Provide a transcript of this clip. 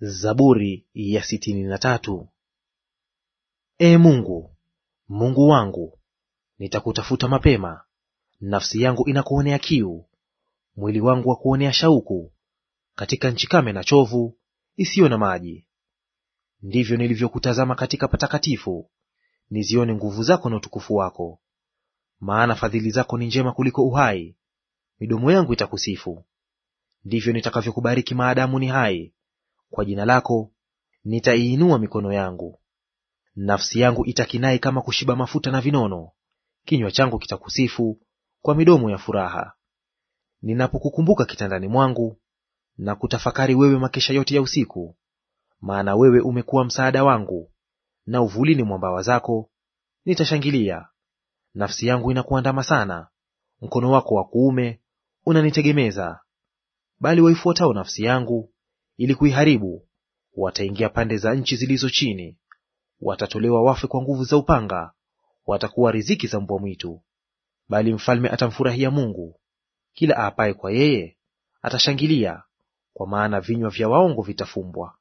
Zaburi ya sitini na tatu. E Mungu, Mungu wangu, nitakutafuta mapema. Nafsi yangu inakuonea kiu, mwili wangu wa kuonea shauku, katika nchi kame na chovu isiyo na maji. Ndivyo nilivyokutazama katika patakatifu, nizione nguvu zako na utukufu wako. Maana fadhili zako ni njema kuliko uhai, midomo yangu itakusifu. Ndivyo nitakavyokubariki maadamu ni hai kwa jina lako nitaiinua mikono yangu. Nafsi yangu itakinai kama kushiba mafuta na vinono, kinywa changu kitakusifu kwa midomo ya furaha. Ninapokukumbuka kitandani mwangu na kutafakari wewe makesha yote ya usiku, maana wewe umekuwa msaada wangu, na uvulini mwa mbawa zako nitashangilia. Nafsi yangu inakuandama sana, mkono wako wa kuume unanitegemeza. Bali waifuatao nafsi yangu ili kuiharibu. Wataingia pande za nchi zilizo chini, watatolewa wafe kwa nguvu za upanga, watakuwa riziki za mbwa mwitu. Bali mfalme atamfurahia Mungu, kila aapaye kwa yeye atashangilia, kwa maana vinywa vya waongo vitafumbwa.